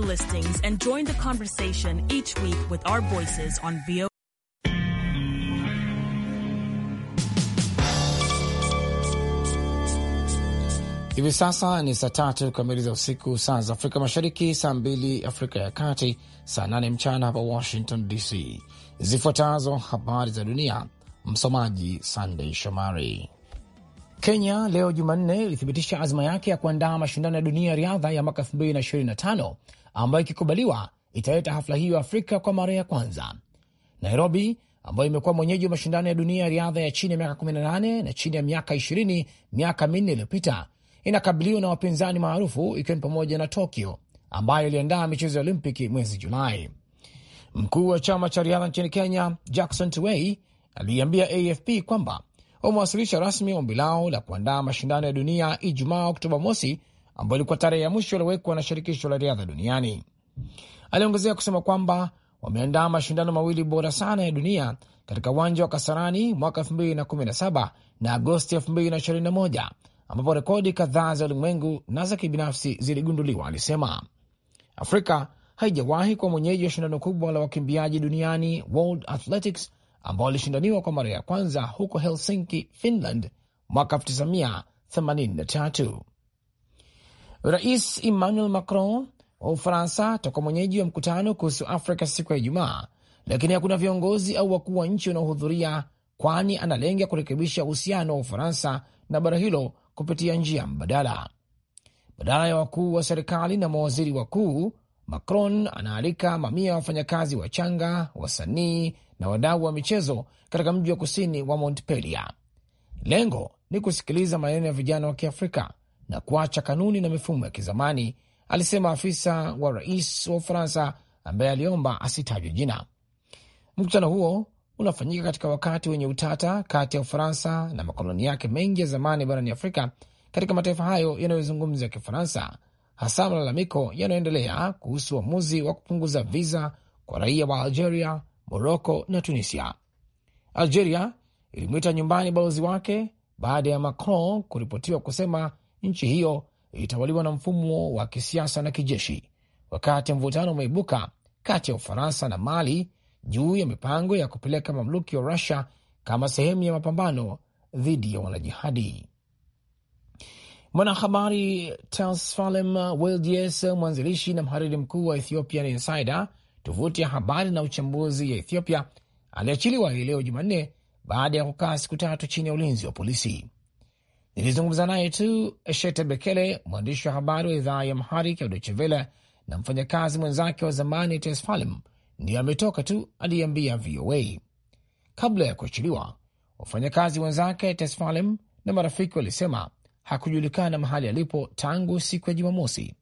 listings and join the conversation each week with our voices on VOA. Hivi sasa ni saa tatu kamili za usiku, saa za Afrika Mashariki, saa mbili Afrika ya Kati, saa nane mchana hapa Washington DC. Zifuatazo habari za dunia, msomaji Sandey Shomari. Kenya leo Jumanne ilithibitisha azma yake ya kuandaa mashindano ya dunia ya riadha ya mwaka 2025 ambayo ikikubaliwa italeta hafla hiyo Afrika kwa mara ya kwanza. Nairobi ambayo imekuwa mwenyeji wa mashindano ya dunia ya riadha ya chini ya miaka 18 na chini ya miaka 20 miaka minne iliyopita, inakabiliwa na wapinzani maarufu ikiwa ni pamoja na Tokyo ambayo iliandaa michezo ya Olimpiki mwezi Julai. Mkuu wa chama cha riadha nchini Kenya, Jackson Tway aliiambia AFP kwamba wamewasilisha rasmi ombi lao la kuandaa mashindano ya dunia Ijumaa Oktoba mosi ambayo ilikuwa tarehe ya mwisho iliowekwa na shirikisho la riadha duniani. Aliongezea kusema kwamba wameandaa mashindano mawili bora sana ya dunia katika uwanja wa Kasarani mwaka 2017 na Agosti 2021 ambapo rekodi kadhaa za ulimwengu na za kibinafsi ziligunduliwa. Alisema Afrika haijawahi kuwa mwenyeji wa shindano kubwa la wakimbiaji duniani World Athletics ambao alishindaniwa kwa mara ya kwanza huko Helsinki, Finland mwaka 1983. Rais Emmanuel Macron wa Ufaransa atakuwa mwenyeji wa mkutano kuhusu Afrika siku ya Ijumaa, lakini hakuna viongozi au wakuu wa nchi wanaohudhuria, kwani analenga kurekebisha uhusiano wa Ufaransa na bara hilo kupitia njia mbadala. Badala ya wakuu wa serikali na mawaziri wakuu, Macron anaalika mamia ya wafanyakazi wachanga, wasanii na wadau wa michezo katika mji wa kusini wa Montpellier. Lengo ni kusikiliza maneno ya vijana wa Kiafrika na kuacha kanuni na mifumo ya kizamani, alisema afisa wa rais wa Ufaransa ambaye aliomba asitajwe jina. Mkutano huo unafanyika katika wakati wenye utata kati ya Ufaransa na makoloni yake mengi ya zamani barani Afrika katika mataifa hayo yanayozungumza ya Kifaransa, hasa malalamiko yanayoendelea kuhusu uamuzi wa kupunguza viza kwa raia wa Algeria, Moroko na Tunisia. Algeria ilimwita nyumbani balozi wake baada ya Macron kuripotiwa kusema nchi hiyo ilitawaliwa na mfumo wa kisiasa na kijeshi, wakati mvutano umeibuka kati ya Ufaransa na Mali juu ya mipango ya kupeleka mamluki wa Rusia kama sehemu ya mapambano dhidi ya wanajihadi. Mwanahabari Tesfalem Weldies, mwanzilishi na mhariri mkuu wa Ethiopian Insider, tovuti ya habari na uchambuzi ya Ethiopia, aliachiliwa hii leo Jumanne baada ya kukaa siku tatu chini ya ulinzi wa polisi. Nilizungumza naye tu Shete Bekele, mwandishi wa habari wa idhaa ya Amharic ya Deutsche Welle na mfanyakazi mwenzake wa zamani Tesfalem, ndiyo ametoka tu, aliyeambia VOA. Kabla ya kuachiliwa, wafanyakazi wenzake Tesfalem na marafiki walisema hakujulikana mahali alipo tangu siku ya Jumamosi,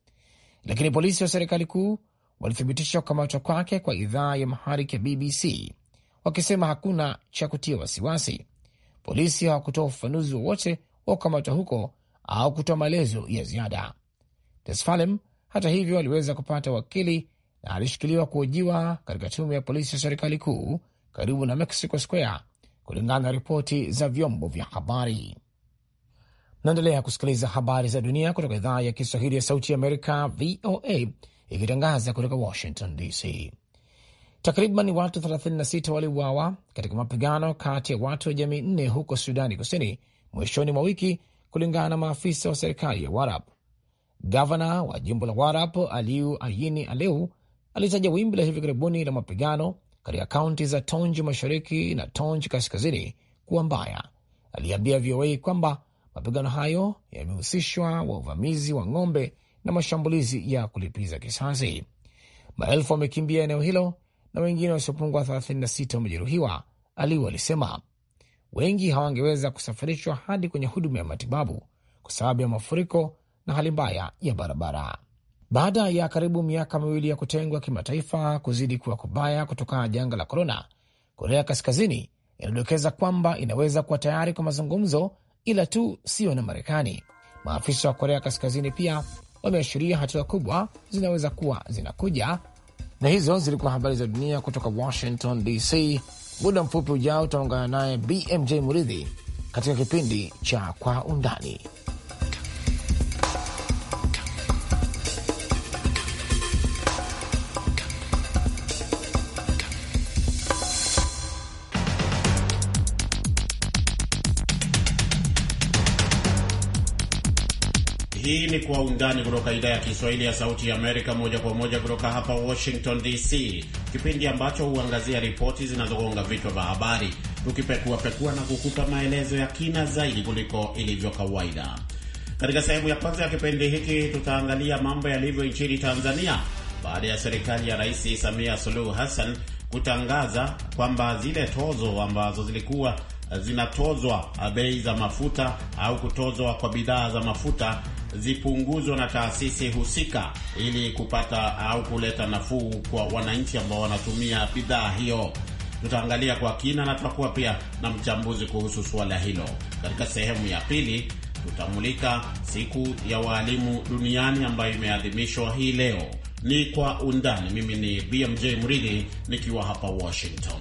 lakini polisi wa serikali kuu walithibitisha kukamatwa kwake kwa idhaa ya Amharic ya BBC wakisema hakuna cha kutia wasiwasi. Polisi hawakutoa ufafanuzi wowote kukamatwa huko au kutoa maelezo ya ziada. Tesfalem hata hivyo aliweza kupata wakili na alishikiliwa kuhojiwa katika tume ya polisi ya serikali kuu karibu na Mexico Square, kulingana na ripoti za vyombo vya habari. Naendelea kusikiliza habari za dunia kutoka idhaa ya Kiswahili ya Sauti ya Amerika, VOA, ikitangaza kutoka Washington DC. Takriban watu 36 waliuawa katika mapigano kati ya watu wa jamii nne huko Sudani Kusini mwishoni mwa wiki, kulingana na maafisa wa serikali ya Warap. Gavana wa jimbo la Warap Aliu Ayini Aleu alitaja wimbi la hivi karibuni la mapigano katika kaunti za Tonji mashariki na Tonji kaskazini kuwa mbaya. Aliambia VOA kwamba mapigano hayo yamehusishwa wa uvamizi wa ng'ombe na mashambulizi ya kulipiza kisasi. Maelfu wamekimbia eneo hilo na wengine wasiopungua 36 wamejeruhiwa, Aliu alisema wengi hawangeweza kusafirishwa hadi kwenye huduma ya matibabu kwa sababu ya mafuriko na hali mbaya ya barabara. Baada ya karibu miaka miwili ya kutengwa kimataifa kuzidi kuwa kubaya kutokana na janga la korona, Korea Kaskazini inadokeza kwamba inaweza kuwa tayari kwa mazungumzo, ila tu sio na Marekani. Maafisa wa Korea Kaskazini pia wameashiria hatua kubwa zinaweza kuwa zinakuja. Na hizo zilikuwa habari za dunia kutoka Washington DC. Muda mfupi ujao utaungana naye BMJ Muridhi katika kipindi cha Kwa Undani. kwa undani kutoka idhaa ya Kiswahili ya Sauti ya Amerika, moja kwa moja kutoka hapa Washington DC, kipindi ambacho huangazia ripoti zinazogonga vichwa vya habari, tukipekuapekua na kukupa maelezo ya kina zaidi kuliko ilivyo kawaida. Katika sehemu ya kwanza ya kipindi hiki tutaangalia mambo yalivyo nchini Tanzania baada ya serikali ya Rais Samia Suluhu Hassan kutangaza kwamba zile tozo ambazo zilikuwa zinatozwa eh, bei za mafuta au kutozwa kwa bidhaa za mafuta zipunguzwe na taasisi husika ili kupata au kuleta nafuu kwa wananchi ambao wanatumia bidhaa hiyo. Tutaangalia kwa kina na tutakuwa pia na mchambuzi kuhusu suala hilo. Katika sehemu ya pili, tutamulika siku ya waalimu duniani ambayo imeadhimishwa hii leo. Ni kwa undani. Mimi ni BMJ Mridhi nikiwa hapa Washington.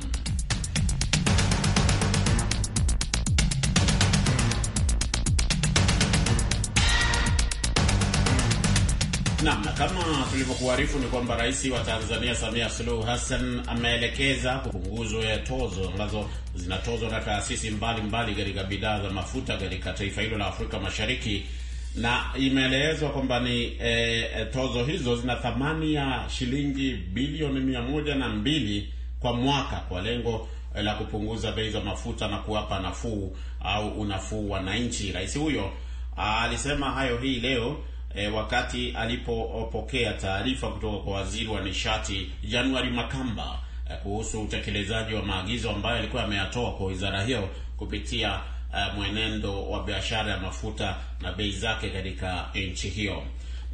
Naam, kama tulivyokuarifu ni kwamba rais wa Tanzania Samia Suluhu Hassan ameelekeza kupunguzwa ya tozo ambazo zinatozwa na taasisi mbalimbali katika bidhaa za mafuta katika taifa hilo la Afrika Mashariki, na imeelezwa kwamba ni e, e tozo hizo zina thamani ya shilingi bilioni mia moja na mbili kwa mwaka kwa lengo e, la kupunguza bei za mafuta na kuwapa nafuu au unafuu wananchi. Rais huyo alisema hayo hii leo e, wakati alipopokea taarifa kutoka kwa waziri wa nishati Januari Makamba e, kuhusu utekelezaji wa maagizo ambayo alikuwa ameyatoa kwa wizara hiyo kupitia e, mwenendo wa biashara ya mafuta na bei zake katika nchi hiyo.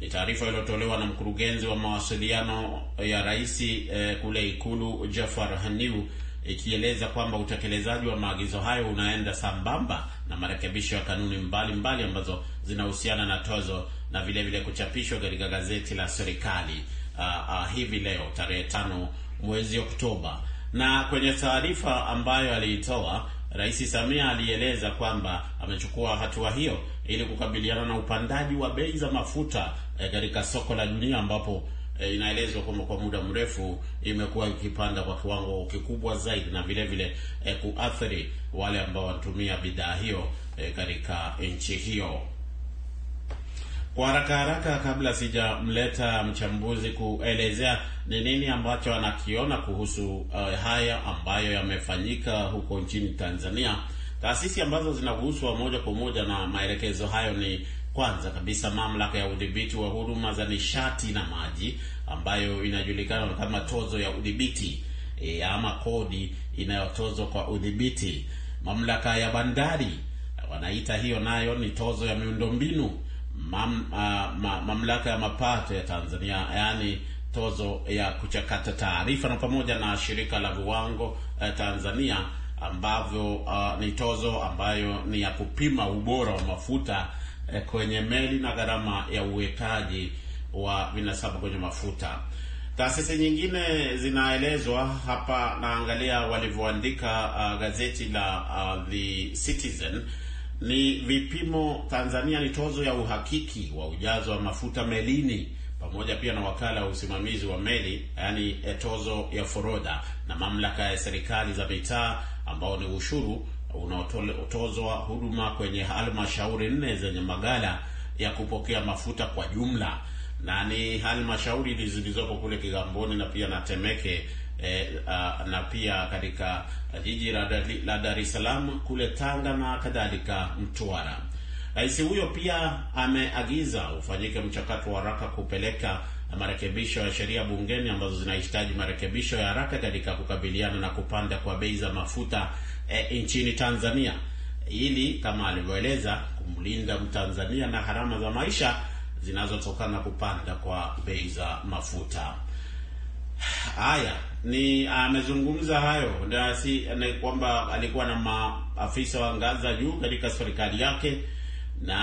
Ni taarifa iliyotolewa na mkurugenzi wa mawasiliano ya rais e, kule Ikulu Jafar Haniu ikieleza kwamba utekelezaji wa maagizo hayo unaenda sambamba na marekebisho ya kanuni mbalimbali mbali ambazo zinahusiana na tozo na vile vile kuchapishwa katika gazeti la serikali uh, uh, hivi leo tarehe tano mwezi Oktoba. Na kwenye taarifa ambayo aliitoa Rais Samia alieleza kwamba amechukua hatua hiyo ili kukabiliana na upandaji wa bei za mafuta eh, katika eh, soko la dunia ambapo eh, inaelezwa kwamba kwa muda mrefu imekuwa ikipanda kwa kiwango kikubwa zaidi na vile vile eh, kuathiri wale ambao wanatumia bidhaa hiyo eh, katika nchi hiyo. Kwa haraka haraka, kabla sijamleta mchambuzi kuelezea ni nini ambacho anakiona kuhusu uh, haya ambayo yamefanyika huko nchini Tanzania, taasisi ambazo zinaguswa moja kwa moja na maelekezo hayo ni kwanza kabisa mamlaka ya udhibiti wa huduma za nishati na maji ambayo inajulikana kama tozo ya udhibiti e, ama kodi inayotozwa kwa udhibiti. Mamlaka ya bandari wanaita hiyo, nayo ni tozo ya miundombinu mam, uh, ma, mamlaka ya mapato ya Tanzania yaani tozo ya kuchakata taarifa na pamoja na shirika la viwango eh, Tanzania ambavyo uh, ni tozo ambayo ni ya kupima ubora wa mafuta eh, kwenye meli na gharama ya uwekaji wa vinasaba kwenye mafuta. Taasisi nyingine zinaelezwa hapa, naangalia walivyoandika uh, gazeti la uh, The Citizen ni vipimo Tanzania ni tozo ya uhakiki wa ujazo wa mafuta melini pamoja pia na wakala wa usimamizi wa meli yaani eh, tozo ya forodha na mamlaka ya serikali za mitaa ambao ni ushuru unaotozwa huduma kwenye halmashauri nne zenye magala ya kupokea mafuta kwa jumla na ni halmashauri zilizoko kule Kigamboni na pia na Temeke eh, uh, na pia katika jiji la Dar es Salaam, kule Tanga na kadhalika Mtwara. Rais huyo pia ameagiza ufanyike mchakato wa haraka kupeleka marekebisho ya sheria bungeni ambazo zinahitaji marekebisho ya haraka katika kukabiliana na kupanda kwa bei za mafuta e, nchini Tanzania ili kama alivyoeleza kumlinda Mtanzania na gharama za maisha zinazotokana kupanda kwa bei za mafuta. Haya ni ah, amezungumza hayo ndasi, ni kwamba alikuwa na maafisa wa ngazi za juu katika serikali yake, na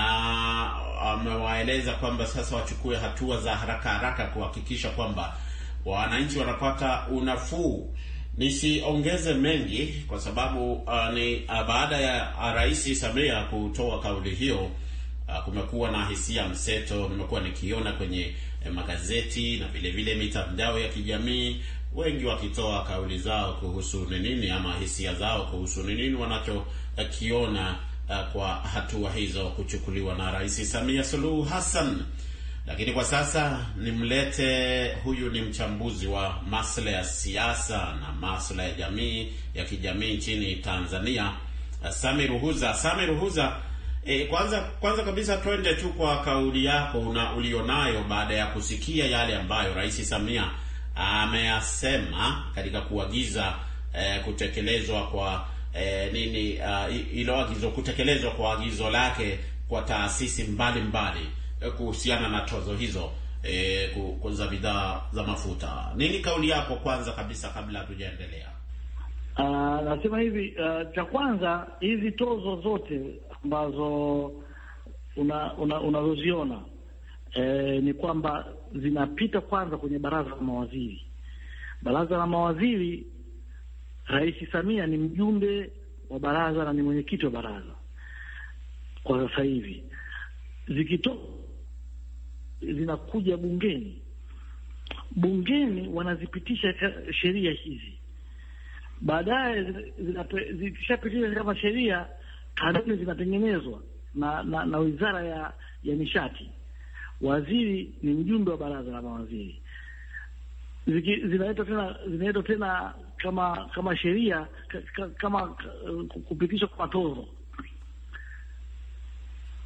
ah, amewaeleza kwamba sasa wachukue hatua za haraka haraka kuhakikisha kwamba wananchi wanapata unafuu. Nisiongeze mengi kwa sababu uh, ni uh, baada ya Rais Samia kutoa kauli hiyo uh, kumekuwa na hisia mseto. Nimekuwa nikiona kwenye magazeti na vile vile mitandao ya kijamii, wengi wakitoa kauli zao kuhusu ni nini ama hisia zao kuhusu ni nini wanachokiona uh, kwa hatua hizo kuchukuliwa na Rais Samia Suluhu Hassan. Lakini kwa sasa nimlete, huyu ni mchambuzi wa masuala ya siasa na masuala ya jamii ya kijamii nchini Tanzania, Sami Ruhuza. Sami Ruhuza E, kwanza kwanza kabisa twende tu kwa kauli yako una ulionayo baada ya kusikia yale ambayo Rais Samia ameyasema katika kuagiza e, kutekelezwa kwa e, nini hilo ilo agizo kutekelezwa kwa agizo lake kwa taasisi mbalimbali mbali, e, kuhusiana na tozo hizo e, za bidhaa za mafuta. Nini kauli yako kwanza kabisa kabla hatujaendelea? Uh, nasema hivi uh, cha kwanza hizi tozo zote ambazo unazoziona una, e, ni kwamba zinapita kwanza kwenye baraza la mawaziri. Baraza la mawaziri, Rais Samia ni mjumbe wa baraza na ni mwenyekiti wa baraza kwa sasa hivi, zikitoka zinakuja bungeni. Bungeni wanazipitisha sheria hizi, baadaye zikishapitisha kama sheria kanuni zinatengenezwa na, na na wizara ya ya nishati. Waziri ni mjumbe wa baraza la mawaziri, zinaletwa tena zinaletwa tena kama kama sheria kama kupitishwa kwa tozo.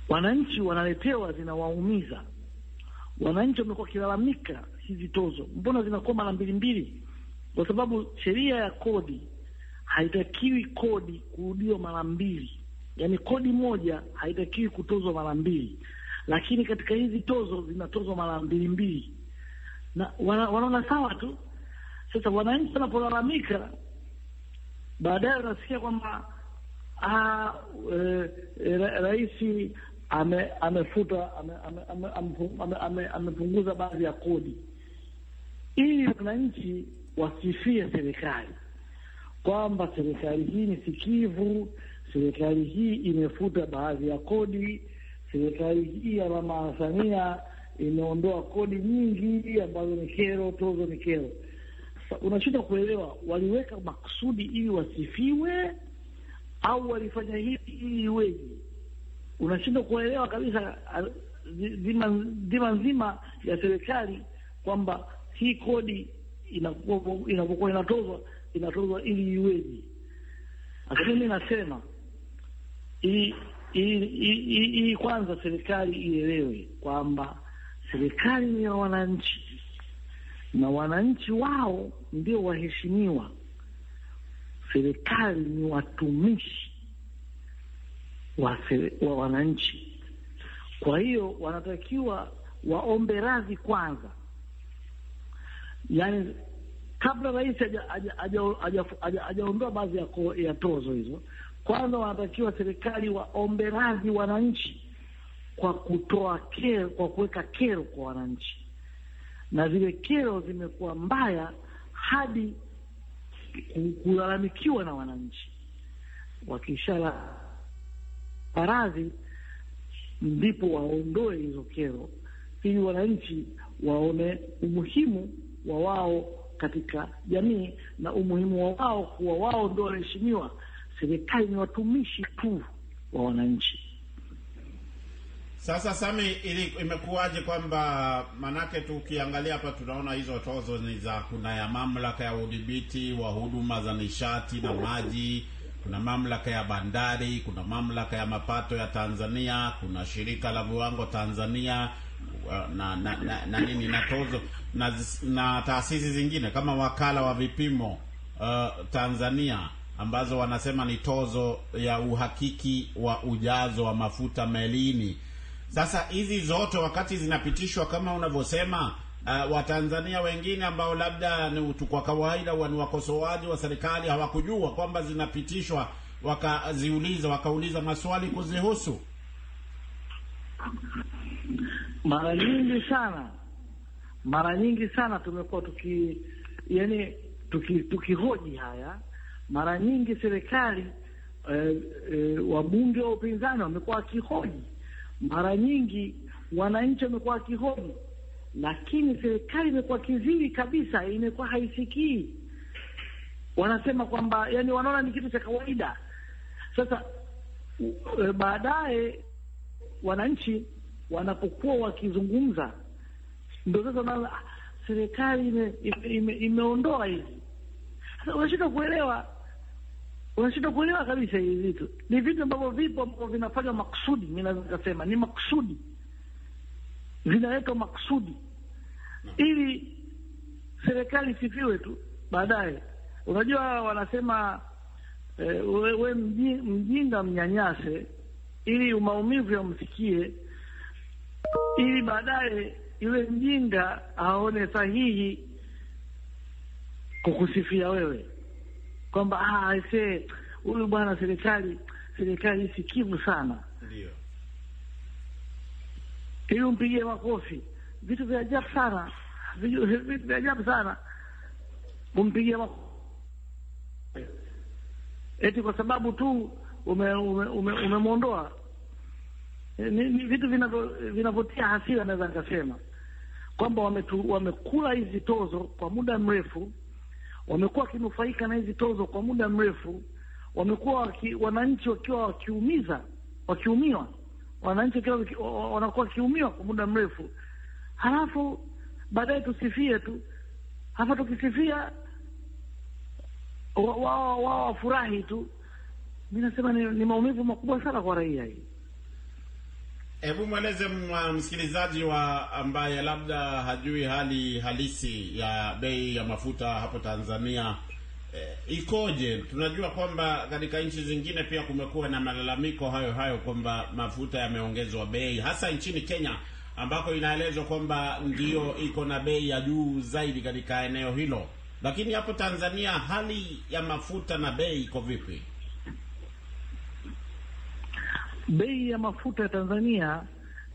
Wananchi wanaletewa, zinawaumiza wananchi. Wamekuwa wakilalamika hizi tozo, mbona zinakuwa mara mbili mbili? Kwa sababu sheria ya kodi haitakiwi kodi kurudiwa mara mbili Yani kodi moja haitakiwi kutozwa mara mbili, lakini katika hizi tozo zinatozwa mara mbili mbili, na wanaona sawa tu. Sasa wananchi wanapolalamika, baadaye wanasikia kwamba ah, eh, eh, rais ame, amefuta amepunguza baadhi ya kodi, ili wananchi wasifie serikali kwamba serikali hii ni sikivu serikali hii imefuta baadhi ya kodi. Serikali hii ya Mama Samia imeondoa kodi nyingi ambazo ni kero, tozo ni kero. Sasa unashindwa kuelewa, waliweka makusudi ili wasifiwe au walifanya hivi ili iweje? Unashindwa kuelewa kabisa dhima nzima ya serikali kwamba hii kodi inapokuwa inatozwa inatozwa ili iweje? Lakini mi nasema hii kwanza serikali ielewe kwamba serikali ni ya wananchi na wananchi wao ndio waheshimiwa. Serikali ni watumishi wa, wa wananchi. Kwa hiyo wanatakiwa waombe radhi kwanza, yaani kabla rais hajaondoa baadhi ya, ya tozo hizo kwanza wanatakiwa serikali waombe radhi wananchi kwa kutoa kero, kwa kuweka kero kwa wananchi, na zile kero zimekuwa mbaya hadi kulalamikiwa na wananchi. Wakishala paradhi, ndipo waondoe hizo kero, ili wananchi waone umuhimu wa wao katika jamii na umuhimu wa wao kuwa wao ndio wanaheshimiwa serikali ni watumishi tu wa wananchi. Sasa Sami, ili imekuwaje kwamba manake, tukiangalia hapa tunaona hizo tozo ni za, kuna ya mamlaka ya udhibiti wa huduma za nishati na maji, kuna mamlaka ya bandari, kuna mamlaka ya mapato ya Tanzania, kuna shirika la viwango Tanzania uh, na na, na, na nini na tozo na, na taasisi zingine kama wakala wa vipimo uh, Tanzania ambazo wanasema ni tozo ya uhakiki wa ujazo wa mafuta melini. Sasa hizi zote wakati zinapitishwa kama unavyosema, uh, Watanzania wengine ambao labda kwa kawaida ni wakosoaji wa serikali hawakujua kwamba zinapitishwa, wakaziuliza wakauliza maswali kuzihusu. Mara nyingi sana, mara nyingi sana tumekuwa tuki, yani tukihoji tuki haya mara nyingi serikali e, e, wabunge wa upinzani wamekuwa wakihoji, mara nyingi wananchi wamekuwa wakihoji, lakini serikali imekuwa kiziri kabisa, imekuwa haisikii. Wanasema kwamba yani, wanaona ni kitu cha kawaida. Sasa e, baadaye wananchi wanapokuwa wakizungumza ndio sasa na ah, serikali imeondoa ime, ime sasa unashindwa kuelewa unashindwa kuelewa kabisa hivi vitu. Ni vitu ambavyo vipo ambavyo vinafanywa makusudi, mi naweza nikasema ni makusudi, vinawekwa makusudi ili serikali sifiwe tu baadaye. Unajua wanasema eh, we, we mjinga mnyanyase ili maumivu yamsikie, ili baadaye yule mjinga aone sahihi kukusifia wewe kwamba ah, huyu bwana, serikali serikali sikivu sana, ndio ili umpigie makofi. Vitu vya ajabu sana, vitu vya ajabu sana umpigie makofi eti kwa sababu tu umemwondoa ume, ume, ume eh, ni, ni vitu vinavyotia hasira. Naweza nikasema kwamba wamekula hizi tozo kwa muda mrefu wamekuwa wakinufaika na hizi tozo kwa muda mrefu, wamekuwa waki, wananchi wakiwa wakiumiza wakiumiwa, wananchi wakiwa wanakuwa wakiumiwa kwa muda mrefu, halafu baadaye tusifie tu, hapa tukisifia wao wafurahi tu. Mi nasema ni, ni maumivu makubwa sana kwa raia hii. Hebu mweleze msikilizaji wa ambaye labda hajui hali halisi ya bei ya mafuta hapo Tanzania e, ikoje? Tunajua kwamba katika nchi zingine pia kumekuwa na malalamiko hayo hayo kwamba mafuta yameongezwa bei, hasa nchini Kenya ambako inaelezwa kwamba ndio iko na bei ya juu zaidi katika eneo hilo. Lakini hapo Tanzania hali ya mafuta na bei iko vipi? bei ya mafuta ya Tanzania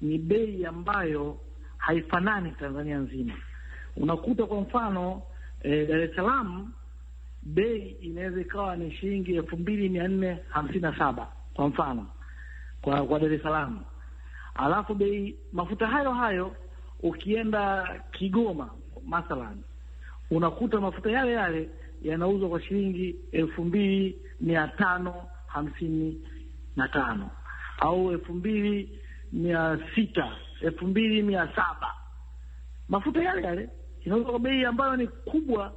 ni bei ambayo haifanani Tanzania nzima. Unakuta kwa mfano e, Dar es Salaam bei inaweza ikawa ni shilingi elfu mbili mia nne hamsini na saba kwa mfano kwa kwa Dar es Salaam, alafu bei mafuta hayo hayo ukienda Kigoma mathalan, unakuta mafuta yale yale yanauzwa kwa shilingi elfu mbili mia tano hamsini na tano au elfu mbili mia sita elfu mbili mia saba mafuta yale yale inauzwa kwa bei ambayo ni kubwa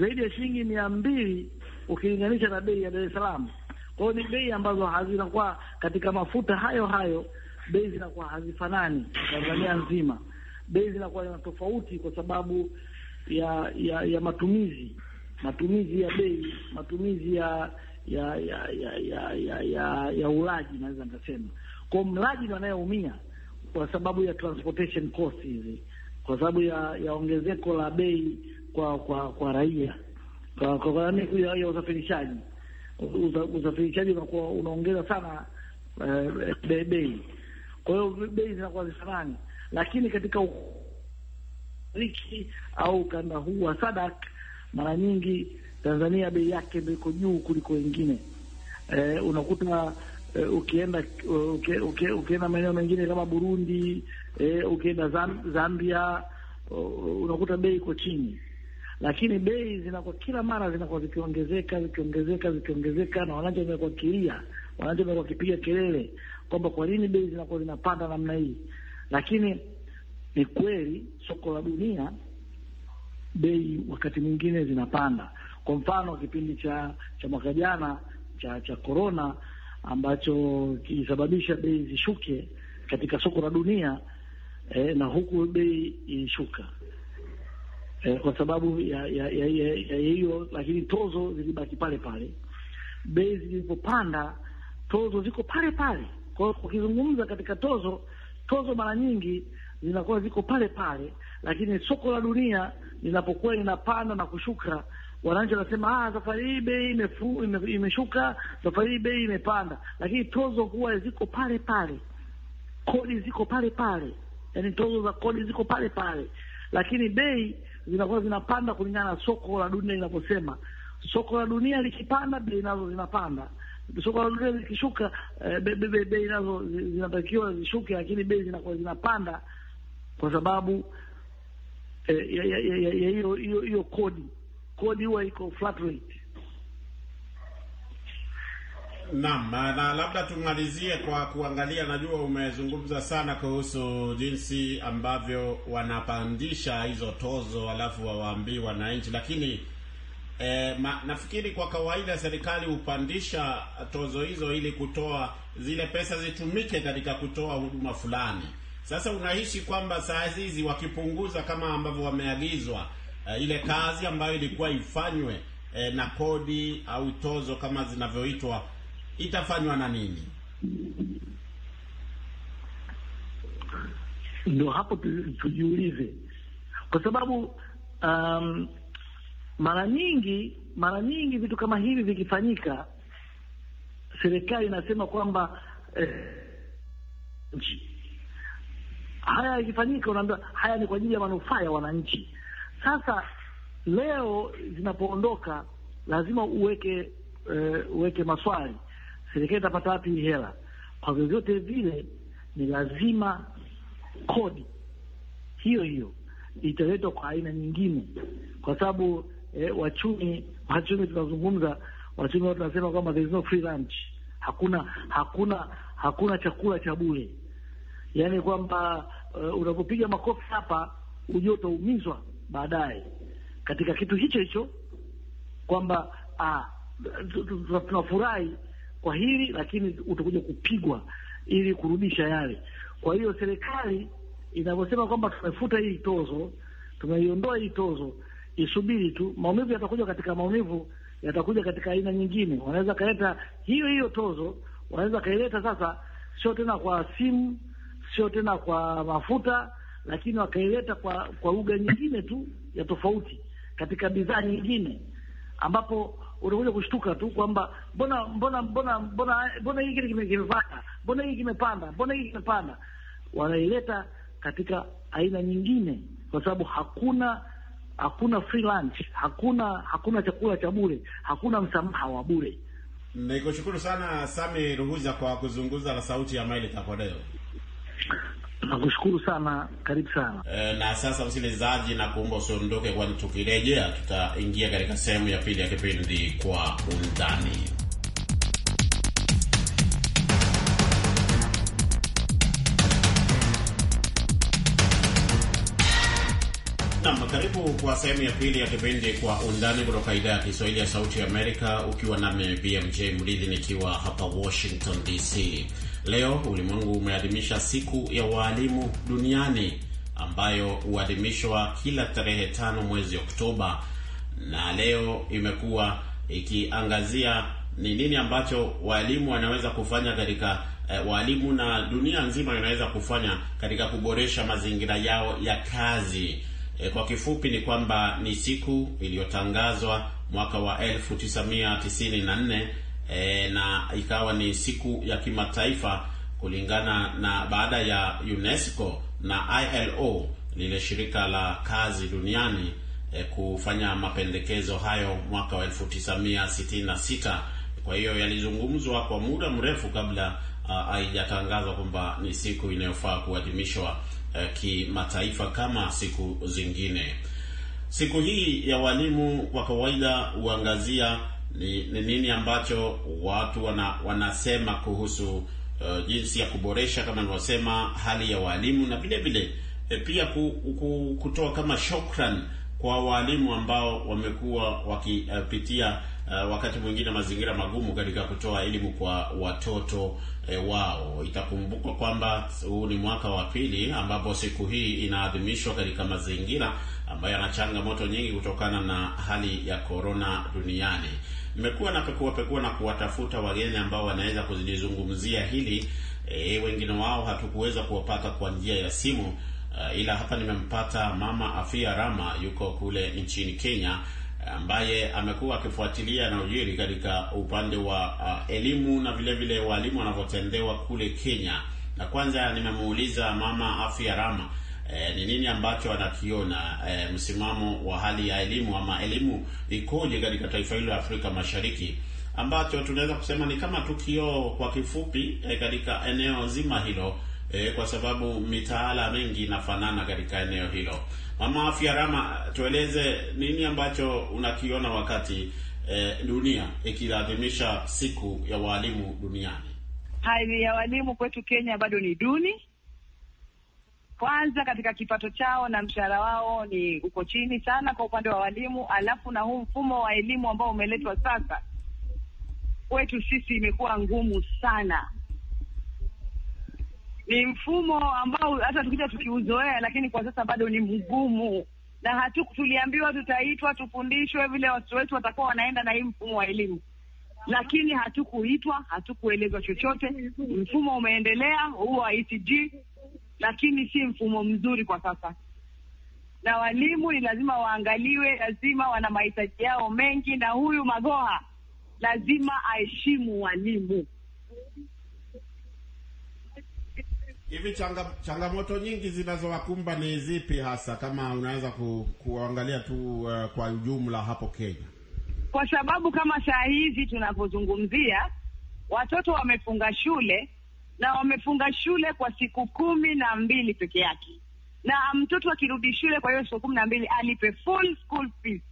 zaidi ya shilingi mia mbili ukilinganisha na bei ya Dar es Salaam. Kwa hiyo ni bei ambazo hazinakuwa katika mafuta hayo hayo, bei zinakuwa hazifanani Tanzania nzima, bei zinakuwa na tofauti kwa sababu ya ya ya matumizi matumizi ya bei matumizi ya ya ya ya ya ya, ya, ya ulaji naweza nikasema. Kwa mlaji ndo anayeumia kwa sababu ya transportation cost hizi, kwa sababu ya, ya ongezeko la bei kwa kwa kwa raia kwa, kwa, kwa, yaani ya, ya usafirishaji usafirishaji unakuwa unaongeza sana eh, bei. Kwa hiyo bei zinakuwa zifanani, lakini katika riki au ukanda huu wa Sadak mara nyingi Tanzania bei yake ndio iko juu kuliko wengine. Eh, unakuta eh, ukienda uke, uke, ukienda maeneo mengine kama Burundi eh, ukienda Zambia unakuta bei iko chini, lakini bei zinakuwa kila mara zinakuwa zikiongezeka zikiongezeka zikiongezeka, na wananchi wamekuwa kilia, wananchi wamekuwa kipiga kelele kwamba kwa nini bei zinakuwa zinapanda namna hii. Lakini ni kweli soko la dunia bei wakati mwingine zinapanda, kwa mfano kipindi cha cha mwaka jana cha cha korona ambacho kilisababisha bei zishuke katika soko la dunia eh, na huku bei ilishuka eh, kwa sababu ya ya hiyo, lakini tozo zilibaki pale pale. Bei zilipopanda, tozo ziko pale pale. Kwa hiyo ukizungumza katika tozo, tozo mara nyingi zinakuwa ziko pale pale, lakini soko la dunia linapokuwa linapanda na kushuka wananchi wanasema, ah, safari hii bei imeshuka, safari hii bei imepanda, lakini tozo huwa ziko pale pale, kodi ziko pale pale, yaani tozo za kodi ziko pale pale, lakini bei zinakuwa zinapanda kulingana na soko la dunia linavyosema. Soko la dunia likipanda, bei nazo zinapanda soko la dunia zikishuka, eh, bei nazo zinatakiwa zishuke, lakini bei zinakuwa zinapanda kwa sababu eh, ya hiyo hiyo kodi kodi huwa iko flat rate. Naam, na labda tumalizie kwa kuangalia, najua umezungumza sana kuhusu jinsi ambavyo wanapandisha hizo tozo alafu wawaambii wananchi, lakini eh, ma, nafikiri kwa kawaida serikali hupandisha tozo hizo ili kutoa zile pesa zitumike katika kutoa huduma fulani. Sasa unahisi kwamba saa hizi wakipunguza kama ambavyo wameagizwa uh, ile kazi ambayo ilikuwa ifanywe eh, na kodi au tozo kama zinavyoitwa itafanywa na nini? Ndio hapo tujiulize, kwa sababu um, mara nyingi mara nyingi vitu kama hivi vikifanyika, serikali inasema kwamba eh, haya yakifanyika, unaambia haya ni kwa ajili ya manufaa ya wananchi. Sasa leo zinapoondoka, lazima uweke uh, uweke maswali, serikali itapata wapi hela? Kwa vyovyote vile ni lazima kodi hiyo hiyo italetwa kwa aina nyingine, kwa sababu eh, wachumi wachumi tunazungumza, wachumi wao tunasema kwamba there is no free lunch, hakuna hakuna hakuna chakula cha bure, yaani kwamba uh, unapopiga makofi hapa ujue utaumizwa baadaye katika kitu hicho hicho kwamba ah, tunafurahi kwa hili, lakini utakuja kupigwa ili kurudisha yale. Kwa hiyo serikali inavyosema kwamba tumefuta hii tozo, tumeiondoa hii tozo, isubiri tu, maumivu yatakuja katika maumivu yatakuja katika aina nyingine. Wanaweza kaleta hiyo hiyo tozo, wanaweza kaileta sasa, sio tena kwa simu, sio tena kwa mafuta lakini wakaileta kwa kwa lugha nyingine tu ya tofauti katika bidhaa nyingine, ambapo unakuja kushtuka tu kwamba mbona mbona mbona mbona mbona hii kimepanda, mbona hii kimepanda, mbona hiki kimepanda. Wanaileta katika aina nyingine, kwa sababu hakuna hakuna free lunch, hakuna hakuna chakula cha bure, hakuna msamaha wa bure. Nikushukuru sana Sami Ruhuza kwa kuzunguza la Sauti ya Maili kwa leo. Nakushukuru sana, karibu sana. E, na sasa msikilizaji, na kuomba usiondoke, kwani tukirejea tutaingia katika sehemu ya pili ya kipindi kwa undani. Nam, karibu kwa sehemu ya pili ya kipindi kwa undani kutoka idhaa ya Kiswahili ya Sauti ya Amerika, ukiwa nami BMJ Mridhi nikiwa hapa Washington DC. Leo ulimwengu umeadhimisha siku ya waalimu duniani ambayo huadhimishwa kila tarehe tano mwezi Oktoba, na leo imekuwa ikiangazia ni nini ambacho waalimu wanaweza kufanya katika eh, waalimu na dunia nzima inaweza kufanya katika kuboresha mazingira yao ya kazi. Eh, kwa kifupi ni kwamba ni siku iliyotangazwa mwaka wa 1994 e, na ikawa ni siku ya kimataifa kulingana na baada ya UNESCO na ILO lile shirika la kazi duniani e, kufanya mapendekezo hayo mwaka wa 1966. Kwa hiyo yalizungumzwa kwa muda mrefu kabla haijatangazwa kwamba ni siku inayofaa kuadhimishwa e, kimataifa kama siku zingine. Siku hii ya walimu kwa kawaida huangazia ni, ni nini ambacho watu wana, wanasema kuhusu uh, jinsi ya kuboresha kama nilivyosema hali ya waalimu na vile vile e, pia ku, ku, kutoa kama shukran kwa waalimu ambao wamekuwa wakipitia uh, wakati mwingine mazingira magumu katika kutoa elimu kwa watoto e, wao. Itakumbukwa kwamba huu ni mwaka wa pili ambapo siku hii inaadhimishwa katika mazingira ambayo yana changamoto nyingi kutokana na hali ya korona duniani. Mmekuwa na pekua pekua na kuwatafuta wageni ambao wanaweza kulizungumzia hili e, wengine wao hatukuweza kuwapata kwa njia ya simu. Uh, ila hapa nimempata Mama Afia Rama yuko kule nchini Kenya ambaye amekuwa akifuatilia na ujiri katika upande wa uh, elimu na vile vile walimu wanavyotendewa kule Kenya. Na kwanza nimemuuliza Mama Afia Rama Eh, ni e, nini ambacho anakiona e, eh, msimamo wa hali ya elimu ama elimu ikoje katika taifa hilo la Afrika Mashariki ambacho tunaweza kusema ni kama tukio kwa kifupi e, katika eneo zima hilo e, kwa sababu mitaala mingi inafanana katika eneo hilo. Mama Afya Rama, tueleze nini ambacho unakiona wakati e, dunia ikiadhimisha siku ya walimu duniani. Hali ya walimu kwetu Kenya bado ni duni kwanza katika kipato chao na mshahara wao ni uko chini sana kwa upande wa walimu, alafu na huu mfumo wa elimu ambao umeletwa sasa kwetu sisi imekuwa ngumu sana. Ni mfumo ambao hata tukija tukiuzoea, lakini kwa sasa bado ni mgumu, na hatu tuliambiwa tutaitwa tufundishwe vile watoto wetu watakuwa wanaenda na hii mfumo wa elimu, lakini hatukuitwa, hatukuelezwa chochote. Mfumo umeendelea huo wa ECG lakini si mfumo mzuri kwa sasa. Na walimu ni lazima waangaliwe, lazima wana mahitaji yao mengi, na huyu Magoha lazima aheshimu walimu. Hivi changa, changamoto nyingi zinazowakumba ni zipi hasa, kama unaweza ku, kuangalia tu uh, kwa ujumla hapo Kenya? Kwa sababu kama saa hizi tunapozungumzia watoto wamefunga shule, na wamefunga shule kwa siku kumi na mbili peke yake, na mtoto akirudi shule kwa hiyo siku kumi na mbili alipe full school fees.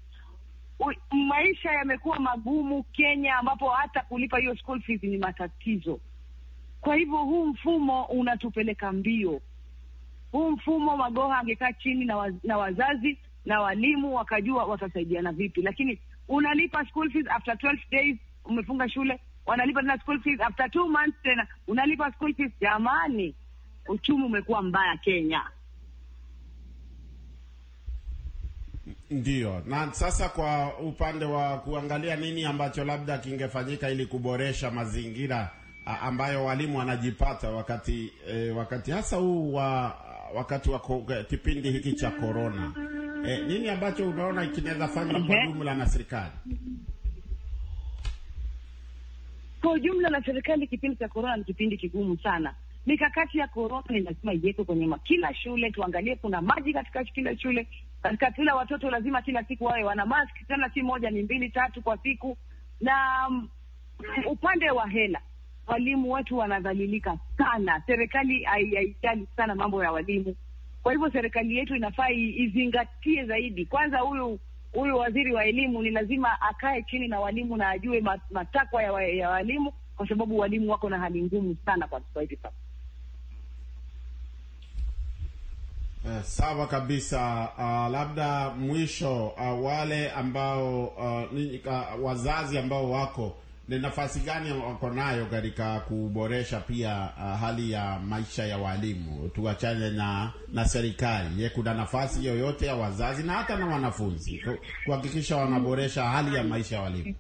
Maisha yamekuwa magumu Kenya, ambapo hata kulipa hiyo school fees ni matatizo. Kwa hivyo huu mfumo unatupeleka mbio. Huu mfumo Magoha angekaa chini na, waz na wazazi na walimu wakajua watasaidiana vipi, lakini unalipa school fees after 12 days, umefunga shule wanalipa tena school fees after two months, tena unalipa school fees. Jamani, uchumi umekuwa mbaya Kenya. ndio na sasa kwa upande wa kuangalia nini ambacho labda kingefanyika ili kuboresha mazingira ambayo walimu wanajipata wakati eh, wakati hasa huu wa wakati wa kipindi hiki cha corona eh, nini ambacho unaona kinaweza fanywa kwa jumla na serikali? Kwa ujumla, na serikali, kipindi cha korona ni kipindi kigumu sana. Mikakati ya korona ni lazima iwekwe kwenye kila shule, tuangalie kuna maji katika kila shule, katika kila watoto lazima kila siku wawe wana mask, tena si moja, ni mbili tatu kwa siku. Na um, upande wa hela, walimu wetu wanadhalilika sana, serikali haijali sana mambo ya walimu. Kwa hivyo serikali yetu inafaa izingatie zaidi kwanza huyu huyu waziri wa elimu ni lazima akae chini na walimu na ajue matakwa ya, wa, ya walimu, kwa sababu walimu wako na hali ngumu sana kwa sasa hivi eh, sasa. sawa kabisa. Uh, labda mwisho, uh, wale ambao uh, ni, uh, wazazi ambao wako ni nafasi gani wako nayo katika kuboresha pia uh, hali ya maisha ya walimu? Tuachane na na serikali, je, kuna nafasi yoyote ya wazazi na hata na wanafunzi kuhakikisha wanaboresha hali ya maisha ya walimu?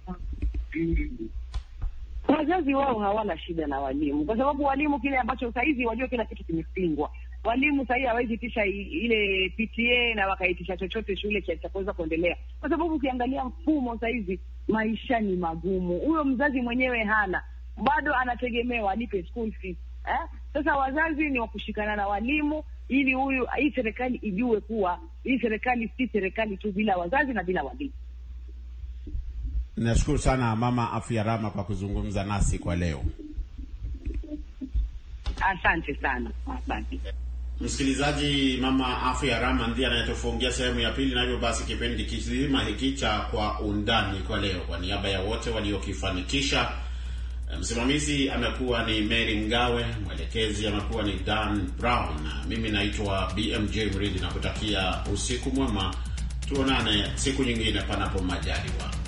Wazazi wao hawana shida na walimu, kwa sababu walimu kile ambacho sahizi wajua, kila kitu kimepingwa walimu sahii hawezi tisha ile PTA na wakaitisha chochote shule cha kuweza kuendelea, kwa sababu ukiangalia mfumo sahizi maisha ni magumu. Huyo mzazi mwenyewe hana, bado anategemewa alipe school fees eh? Sasa wazazi ni wakushikana na walimu ili huyu hii serikali ijue kuwa hii serikali si serikali tu bila wazazi na bila walimu. Nashukuru sana Mama Afya Rama kwa kuzungumza nasi kwa leo. Asante sana, asante. Msikilizaji, mama afya Rama ndiye anayetufungia sehemu ya pili, na hivyo basi kipindi kizima hiki cha kwa undani kwa leo, kwa niaba ya wote waliokifanikisha, eh, msimamizi amekuwa ni Mary Mgawe, mwelekezi amekuwa ni Dan Brown, mimi naitwa BMJ Mridi, na kutakia usiku mwema, tuonane siku nyingine panapo majaliwa.